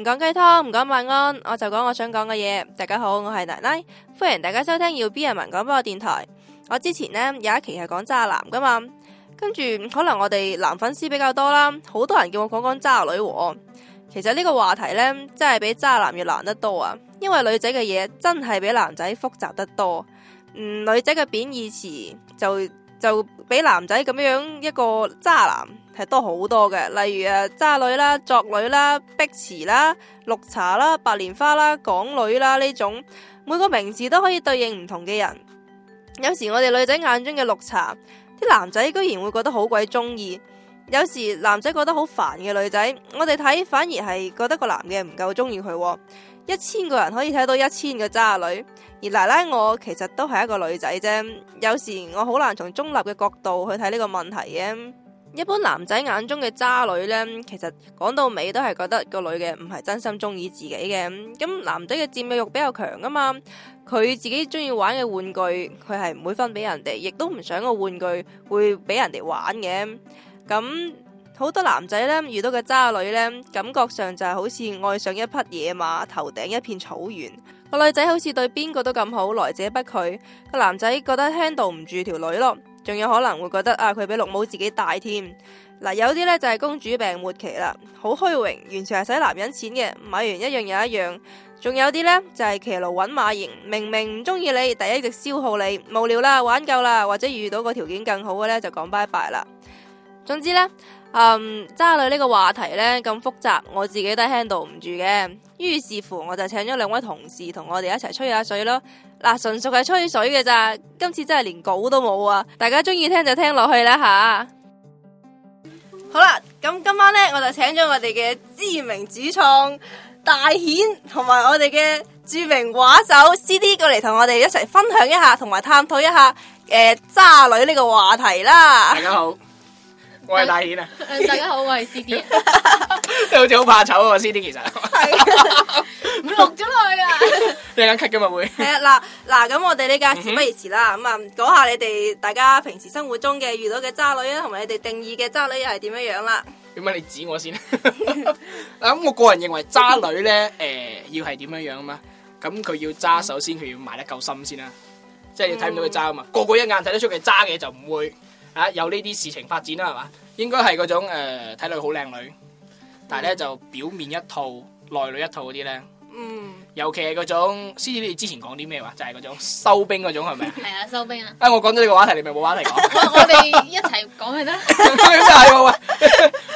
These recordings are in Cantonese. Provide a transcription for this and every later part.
唔講雞湯，唔講晚安，我就講我想講嘅嘢。大家好，我係奶奶，歡迎大家收聽耀 B 人文廣播電台。我之前呢，有一期係講渣男㗎嘛，跟住可能我哋男粉絲比較多啦，好多人叫我講講渣女。其實呢個話題呢，真係比渣男要難得多啊，因為女仔嘅嘢真係比男仔複雜得多。嗯，女仔嘅貶義詞就，就比男仔咁樣一個渣男係多好多嘅，例如誒渣女啦、作女啦、碧池啦、綠茶啦、白蓮花啦、港女啦呢種，每個名字都可以對應唔同嘅人。有時我哋女仔眼中嘅綠茶，啲男仔居然會覺得好鬼中意；有時男仔覺得好煩嘅女仔，我哋睇反而係覺得個男嘅唔夠中意佢。一千個人可以睇到一千個渣女。而奶奶我其實都係一個女仔啫，有時我好難從中立嘅角度去睇呢個問題嘅。一般男仔眼中嘅渣女呢，其實講到尾都係覺得個女嘅唔係真心中意自己嘅。咁男仔嘅佔有欲比較強噶嘛，佢自己中意玩嘅玩具佢係唔會分俾人哋，亦都唔想個玩具會俾人哋玩嘅。咁好多男仔咧遇到個渣女咧，感覺上就係好似愛上一匹野馬，頭頂一片草原。個女仔好似對邊個都咁好，來者不拒。個男仔覺得聽到唔住條女咯，仲有可能會覺得啊，佢比綠帽自己大添嗱、啊。有啲咧就係、是、公主病末期啦，好虛榮，完全係使男人錢嘅，買完一樣又一樣。仲有啲咧就係騎驢揾馬型，明明唔中意你，但係一直消耗你，無聊啦，玩夠啦，或者遇到個條件更好嘅咧，就講拜拜啦。總之呢。嗯，um, 渣女呢個話題呢，咁複雜，我自己都 handle 唔住嘅。於是乎，我就請咗兩位同事同我哋一齊吹下水咯。嗱、啊，純屬係吹水嘅咋，今次真係連稿都冇啊！大家中意聽就聽落去啦吓。啊、好啦，咁今晚呢，我就請咗我哋嘅知名主創大顯，同埋我哋嘅著名畫手 C D 過嚟，同我哋一齊分享一下，同埋探討一下誒、呃、渣女呢個話題啦。大家好。我係大顯啊！大家好，我係 C D，即係好似好怕醜啊！C D 其實係唔錄咗落去啊！你眼咳 cut 嘛會係啊嗱嗱咁，妹妹 uh, 我哋呢家事不宜遲啦，咁啊講下你哋大家平時生活中嘅遇到嘅渣女啊，同埋你哋定義嘅渣女又係點樣樣啦？點解你指我先？咁、 啊，我個人認為渣女咧，誒、呃，要係點樣樣啊嘛？咁佢要渣，首先佢要埋得夠深先啦。即、就、係、是、你睇唔到佢渣啊嘛，嗯、個個一眼睇得出佢渣嘅就唔會。啊，有呢啲事情發展啦，係嘛？應該係嗰種誒，睇落去好靚女，但係咧就表面一套，內裏一套嗰啲咧。嗯，尤其係嗰種，師姐你之前講啲咩話？就係、是、嗰種收兵嗰種，係咪啊？係啊，收兵啊！啊，我講咗呢個話題，你咪冇話題講。我哋一齊講佢啦。咁又係喎，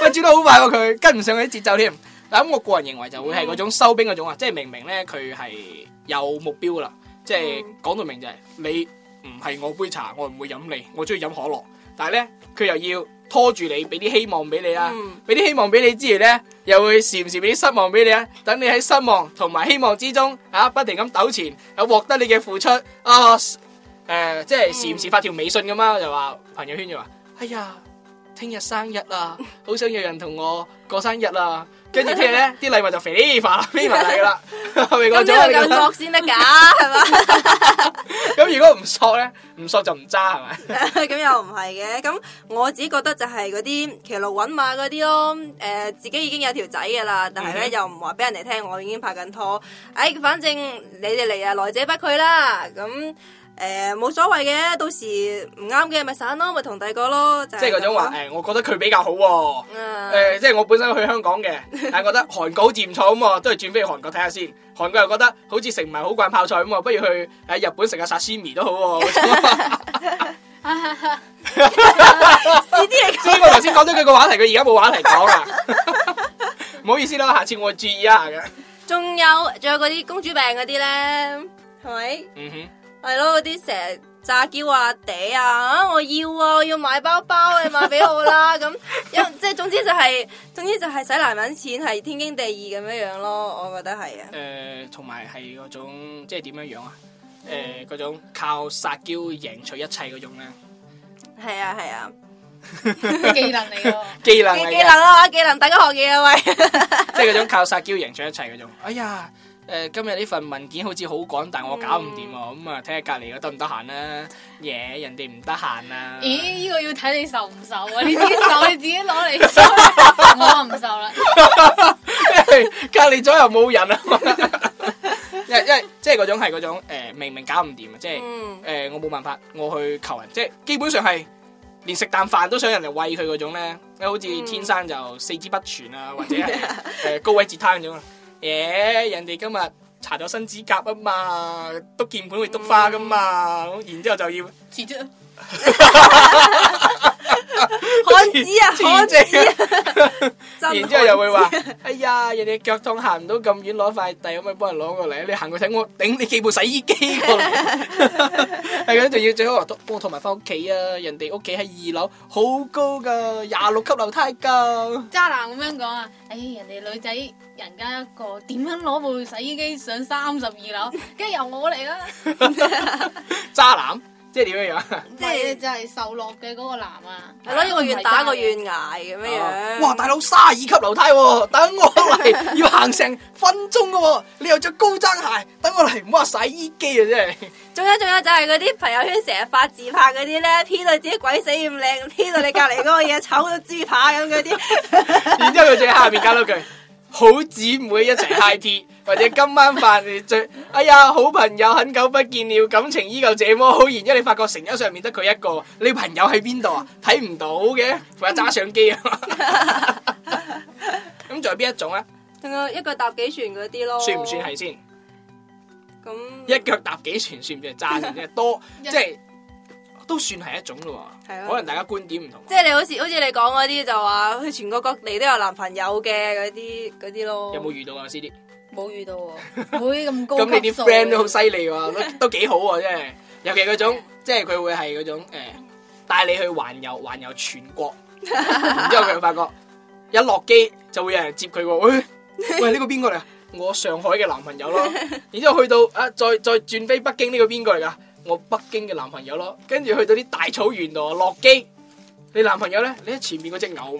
喂，轉得好快喎，佢跟唔上佢啲節奏添。咁，我個人認為就會係嗰種收兵嗰種啊，嗯、即係明明咧佢係有目標啦，即係講到明就係、是、你唔係我杯茶，我唔會飲你，我中意飲可樂。但係咧，佢又要拖住你，俾啲希望俾你啊！俾啲、嗯、希望俾你之餘咧，又會時唔時俾啲失望俾你啊！等你喺失望同埋希望之中，啊，不停咁糾纏，有獲得你嘅付出啊！誒、啊，即係時唔時發條微信咁嘛，又話朋友圈，又話，哎呀，聽日生日啊，好想有人同我過生日啊！跟住啲嘢咧，啲禮物就肥化，肥埋嚟噶啦。未講咗啦，夠索先得㗎，係嘛？咁如果唔索咧，唔索就唔揸係咪？咁又唔係嘅，咁我自己覺得就係嗰啲騎路揾馬嗰啲咯。誒，自己已經有條仔㗎啦，但係咧又唔話俾人哋聽，我已經拍緊拖。誒、哎，反正你哋嚟啊，來者不拒啦。咁。誒，冇、呃、所謂嘅，到時唔啱嘅咪散咯，咪同第個咯。即係嗰種話誒、欸，我覺得佢比較好、啊。誒、啊欸，即係我本身去香港嘅，但係覺得韓國好似唔錯咁都係轉飛去韓國睇下先。韓國又覺得好似食唔係好慣泡菜咁啊，不如去喺日本食下壽司味都好、啊。呢啲嚟嘅。所以我頭先講咗佢個話題，佢而家冇話題講啦。唔 好意思啦，下次我會注意一下嘅。仲有仲有嗰啲公主病嗰啲咧，係咪？嗯哼。係咯，嗰啲成日炸嬌啊嗲啊，我要啊，我要買包包，你買俾我啦咁，即係總之就係，總之就係使男人錢係天經地義咁樣樣咯，我覺得係啊。誒、呃，同埋係嗰種即係點樣樣啊？誒、呃，嗰種靠撒嬌贏取一切嗰種咧。係啊，係啊，啊 技能嚟嘅， 技能係技能啊，技能，大家學技能喂，即係嗰種靠撒嬌贏取一切嗰種，哎呀。誒、呃，今日呢份文件好似好趕，但我搞唔掂啊！咁啊、嗯，睇下隔籬得唔得閒啦？嘢，人哋唔得閒啊！咦、欸？呢、這個要睇你受唔受啊！ 你自己受，你自己攞嚟受， 我唔受啦。隔籬、 欸、左右冇人啊！ 因一、即係嗰種係嗰種誒、呃，明明搞唔掂啊！即係誒、嗯呃，我冇辦法，我去求人，即係基本上係連食啖飯都想人嚟餵佢嗰種咧，好似、嗯、天生就四肢不全啊，或者誒高位截癱咁啊！ 嘢，yeah, 人哋今日搽咗新指甲啊嘛，督鍵盤會督花噶嘛，嗯，然之後就要辭職啊！漢子 啊，漢子啊， 然之後又會話、 哎： 哎呀，人哋腳痛行唔到咁遠攞快遞，可唔可以幫人攞過嚟？你行過睇我頂你幾部洗衣機過嚟，係咁，仲要最好話幫我拖埋翻屋企啊！人哋屋企喺二樓，好高噶，廿六級樓梯噶。渣男咁樣講啊！哎，人哋女仔，人家一個點樣攞部洗衣機上三十二樓，梗係由我嚟啦！ 渣男。即係點樣樣？即係就係、是、受落嘅嗰個男啊，係咯是，一對個願打一個願挨咁樣。哦、哇，大佬卅二級樓梯喎、哦， 等我嚟要行成分鐘噶喎，你又着高踭鞋，等我嚟唔好話洗衣機啊真係。仲有仲有就係嗰啲朋友圈成日發自拍嗰啲咧，P 到自己鬼死咁靚，P 到你隔籬嗰個嘢醜到豬扒咁嗰啲。 然之後佢仲喺下面加多句： 好姊妹一齊 high tea。 或者今晚飯你最哎呀，好朋友很久不見了，感情依舊這麼好。然之後你發覺成因上面得佢一個，你朋友喺邊度啊？睇唔到嘅，或者揸相機啊？咁仲有邊一種咧？仲有一腳踏幾船嗰啲咯？算唔算係先？咁一腳踏幾船算唔算揸船啫？多即係都算係一種咯。係咯？可能大家觀點唔同。即係你好似好似你講嗰啲就話去全國各地都有男朋友嘅嗰啲嗰啲咯。有冇遇到啊？CD？冇遇到喎，唔會咁高級數。咁 你啲 friend 都好犀利喎，都都幾好喎，真係。尤其嗰種，即係佢會係嗰種誒、呃，帶你去環遊環遊全國， 然之後佢就發覺一落機就會有人接佢喎、哎。喂，喂、這、呢個邊個嚟？我上海嘅男朋友咯。 然之後去到啊，再再轉飛北京呢，這個邊個嚟㗎？我北京嘅男朋友咯。跟住去到啲大草原度啊，落機。你男朋友咧？你喺前面嗰隻牛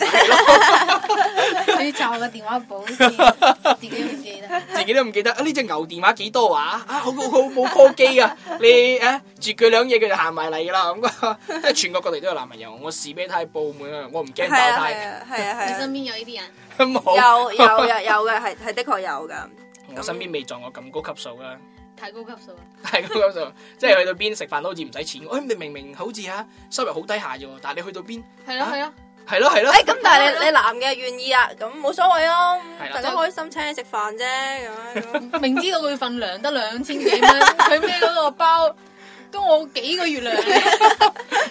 你要查我嘅電話簿，自己唔記得，自己都唔記得啊！呢隻牛電話幾多話、啊？啊，好好好冇科技啊！你啊，絕句兩嘢佢就行埋嚟噶啦，咁啊，即係全國各地都有男朋友。我時咩太報滿啊，我唔驚爆胎。係啊係、啊、 你身邊有呢啲人？有有有有嘅，係係的確有噶。我身邊未撞過咁高級數啦。太高級數太高級數，即係去到邊食飯都好似唔使錢。哎，你明明好似啊，收入好低下啫，但係你去到邊？係咯、啊，係咯、啊，係咯、啊，係咯、啊。哎、啊，咁、欸啊、但係你、啊、你男嘅願意啊，咁冇所謂啊，大家、啊、開心、就是、請你食飯啫。咁明知道佢份糧得兩千幾蚊，佢孭個包。咁我幾個月啦？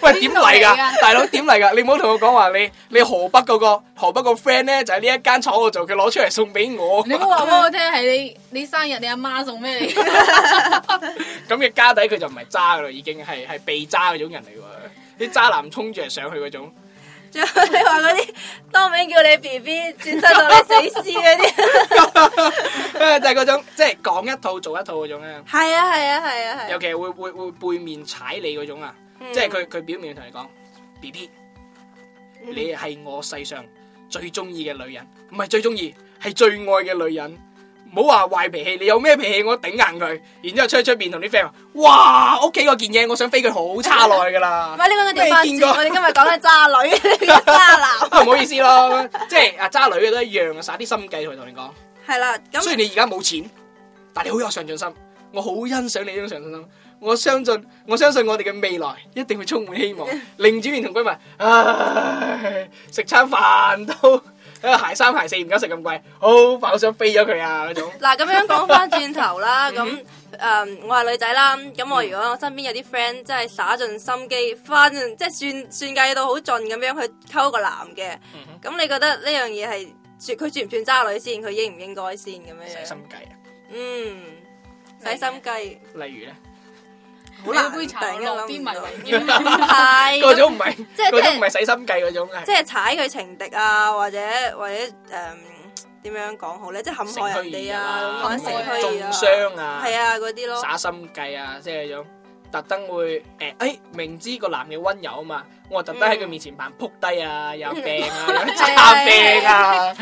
喂，點嚟噶， 大佬點嚟噶？你唔好同我講話，你你河北嗰個河北個 friend 咧，就係呢一間廠度做，佢攞出嚟送俾我。你唔好話俾我聽係 你你生日你阿媽送俾你。咁 嘅 家底佢就唔係渣啦，已經係係被渣嗰種人嚟喎，啲 渣男衝住嚟上去嗰種。仲有你話嗰啲當面叫你 B B 轉身同你死屍嗰啲，誒，就係嗰種即係講一套做一套嗰種咧。係啊係啊係啊係。啊尤其會會會背面踩你嗰種啊，嗯、即係佢佢表面同你講 B B，你係我世上最中意嘅女人，唔係最中意，係最愛嘅女人。唔好話壞脾氣，你有咩脾氣我頂硬佢，然之後出出面同啲 friend 哇，屋企嗰件嘢我想飛佢好差耐噶啦。唔係 你講我哋翻轉，我哋今日講你渣女， 渣男。唔 好意思咯，即係啊渣女都一樣，耍啲心計同你講。係啦，咁雖然你而家冇錢，但係你好有上進心，我好欣賞你呢種上進心。我相信，我相信我哋嘅未來一定會充滿希望。寧 主員同閨蜜，食餐飯都。一個排三排四，唔家食咁貴，好，我想飛咗佢啊！嗰種。嗱，咁樣講翻轉頭啦，咁誒，我係女仔啦，咁我如果我身邊有啲 friend 真係耍盡心機，翻即係算算計到好盡咁樣去溝個男嘅，咁 你覺得呢樣嘢係，佢算唔算渣女先，佢應唔應該先咁樣樣？使心計啊！嗯，使心計。例如咧？好難杯茶啊！嗰種唔係，即係嗰種唔係耍心計嗰種啊！即係踩佢情敵啊，或者或者誒點樣講好咧？即係陷害人哋啊，陷害中傷啊，係啊嗰啲咯，耍心計啊，即係種特登會誒誒，明知個男嘅温柔啊嘛，我特登喺佢面前扮撲低啊，有病啊，有啲叉病啊，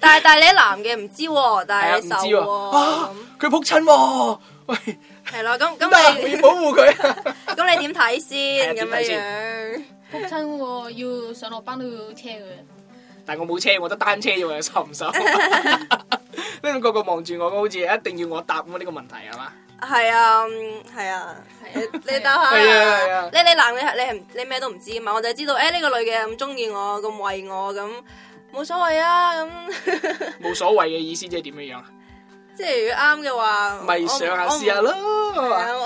但係但係你男嘅唔知，但係唔知啊，佢撲親喂。係咯，咁咁你要保護佢，咁你點睇先？咁樣樣，仆親喎，要上落班都要車嘅。但係我冇車，我得單車要，你收唔收？咩個個望住我，好似一定要我答咁呢個問題係嘛？係啊，係啊，你答下啦。你你男你你係你咩都唔知嘛？我就知道，誒呢個女嘅咁中意我，咁為我咁，冇所謂啊咁。冇所謂嘅意思即係點樣樣？即係如果啱嘅話，咪上不不下試下咯。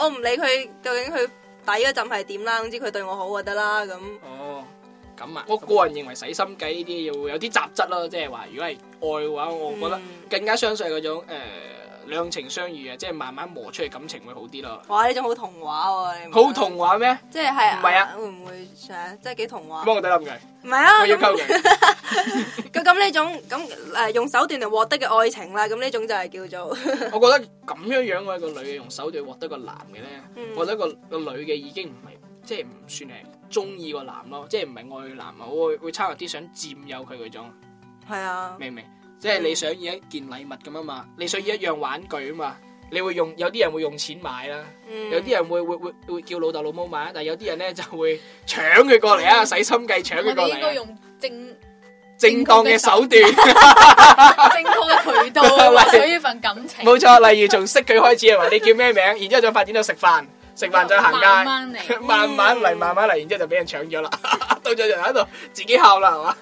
我唔 理佢究竟佢底嗰陣係點啦，總之佢對我好就得啦。咁，哦，咁啊，那我個人認為使心計呢啲要有啲雜質咯。即係話如果係愛嘅話，我覺得更加相信嗰種、嗯呃兩情相悅啊，即係慢慢磨出嚟感情會好啲咯。哇，呢種好童話喎！好童話咩？即係係啊？唔係啊？會唔會想即係幾童話？我唔使諗嘅。唔係啊！我要溝人。咁咁呢種咁誒，用手段嚟獲得嘅愛情啦，咁呢種就係叫做。我覺得咁樣樣嘅一個女嘅用手段獲得個男嘅咧，覺得個個女嘅已經唔係即係唔算係中意個男咯，即係唔係愛個男啊，我會會差唔多啲想佔有佢嗰種。係啊。明唔明？即係你想要一件禮物咁啊嘛，你想要一樣玩具啊嘛，你會用有啲人會用錢買啦，有啲人會會會會叫老豆老母買，但係有啲人咧就會搶佢過嚟啊，使心計搶佢過嚟。應該用正正當嘅手段，正當嘅渠道啊，取呢份感情。冇錯，例如從識佢開始啊嘛，你叫咩名？然之後再發展到食飯，食飯再行街，慢慢嚟，慢慢嚟，然之後就俾人搶咗啦。到咗就喺度自己笑啦，係嘛？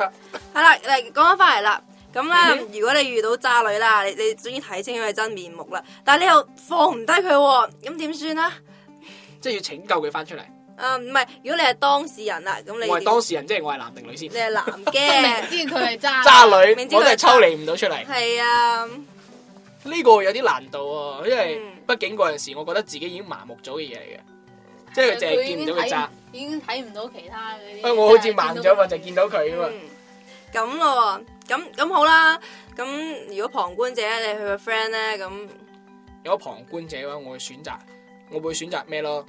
係啦，嚟講翻翻嚟啦。咁啦，如果你遇到渣女啦，你你終於睇清佢真面目啦，但係你又放唔低佢喎，咁點算咧？即係要拯救佢翻出嚟。啊，唔係，如果你係當事人啦，咁你我係當事人，即係我係男定女先？你係男嘅，明知佢係渣渣女，我都係抽離唔到出嚟。係啊，呢個有啲難度喎，因為畢竟嗰陣時我覺得自己已經麻木咗嘅嘢嚟嘅，即係佢淨係見唔到佢渣，已經睇唔到其他嗰啲。我好似盲咗嘛，就見到佢啊嘛，咁咯。咁咁好啦，咁如果旁觀者，你係佢個 friend 咧，咁如果旁觀者嘅話，我會選擇，我會選擇咩咯？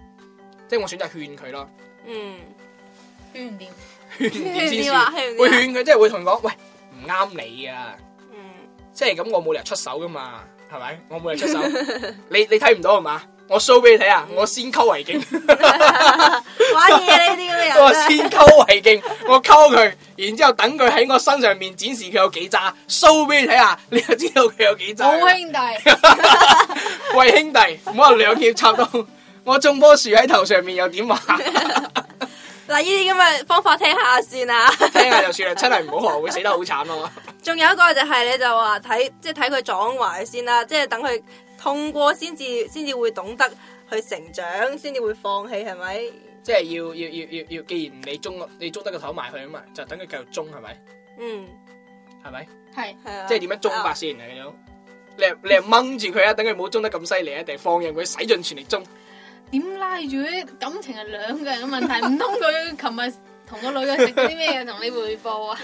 即係我選擇勸佢咯。嗯，勸唔掂？勸你話勸？勸啊勸啊、會勸佢，即係會同你講，喂，唔啱你啊！嗯，即係咁，我冇理由出手噶嘛，係咪？我冇理由出手， 你你睇唔到係嘛？我 show 俾你睇下，我先溝為敬。 玩嘢、啊、呢啲咁嘅人。我先溝為敬，我溝佢，然之後等佢喺我身上面展示佢有幾渣。show 俾你睇下，你就知道佢有幾渣。好兄弟，喂 兄弟，唔好兩肋插刀，我種棵樹喺頭上面又點話？ 嗱，呢啲咁嘅方法聽下先啦，聽下就算啦，真係唔好學，會死得好慘咯。仲有一個就係你就話睇，即係睇佢撞壞先啦，即係等佢痛過先至，先至會懂得去成長，先至會放棄，係咪？即係要要要要要，既然你中，你捉得個頭埋去啊嘛，就等佢繼續中係咪？嗯，係咪？係係啊，即係點樣中法先？係咁樣，你你掹住佢啊，等佢冇中得咁犀利，一定放任佢使盡全力中？點拉住啲感情係兩個人嘅問題，唔通佢琴日同個女嘅食啲咩嘢同你匯報啊？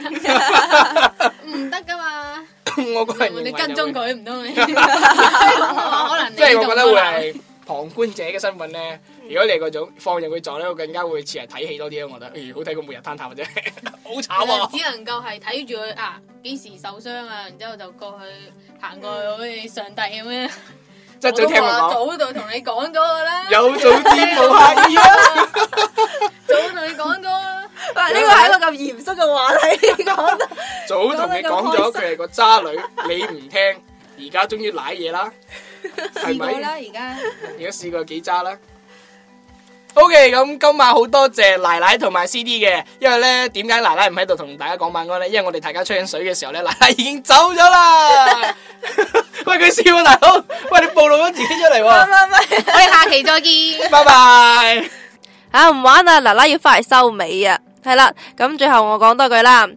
唔得噶嘛！我覺得，你跟蹤佢唔通你？即係我覺得會係旁觀者嘅身份咧。如果你嗰種放任佢撞咧，我更加會似係睇戲多啲咯。我覺得，咦，好睇過每日坍塌或者，好慘啊！只能夠係睇住佢啊，幾時受傷啊？然之後就過去行過去，好似上帝咁樣。早我話早就同你講咗噶啦，有早知冇乞兒啊， 早同你講咗啦。 但呢個係一個咁嚴肅嘅話題嚟講，你 早同你講咗佢係個渣女， 你唔聽，而家終於瀨嘢啦，係咪？而家而家試過幾渣啦？O K，咁今晚好多謝奶奶同埋 C D 嘅，因為咧點解奶奶唔喺度同大家講晚安咧？因為我哋大家吹緊水嘅時候咧，奶奶已經走咗啦、 啊。喂佢笑啊大佬，喂你暴露咗自己出嚟、啊，唔唔 我哋下期再見，拜 拜 bye。啊，唔玩啦，奶奶要翻嚟收尾啊，係啦，咁最後我講多句啦。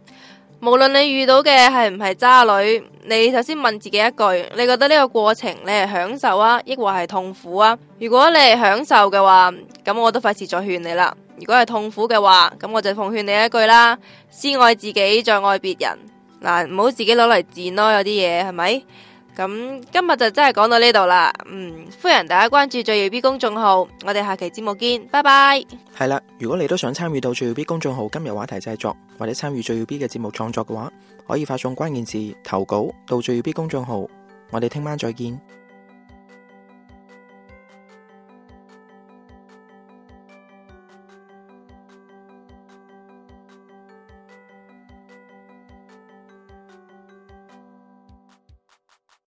無論你遇到嘅係唔係渣女，你首先問自己一句：你覺得呢個過程你係享受啊，抑或係痛苦啊？如果你係享受嘅話，咁我都費事再勸你啦。如果係痛苦嘅話，咁我就奉勸你一句啦：先愛自己，再愛別人。嗱，唔好自己攞嚟賤咯，有啲嘢係咪？咁今日就真係講到呢度啦，嗯，歡迎大家關注最耀 B 公眾號，我哋下期節目見，拜拜。係啦，如果你都想參與到最耀 B 公眾號今日話題製作，或者參與最耀 B 嘅節目創作嘅話，可以發送關鍵字投稿到最耀 B 公眾號，我哋聽晚再見。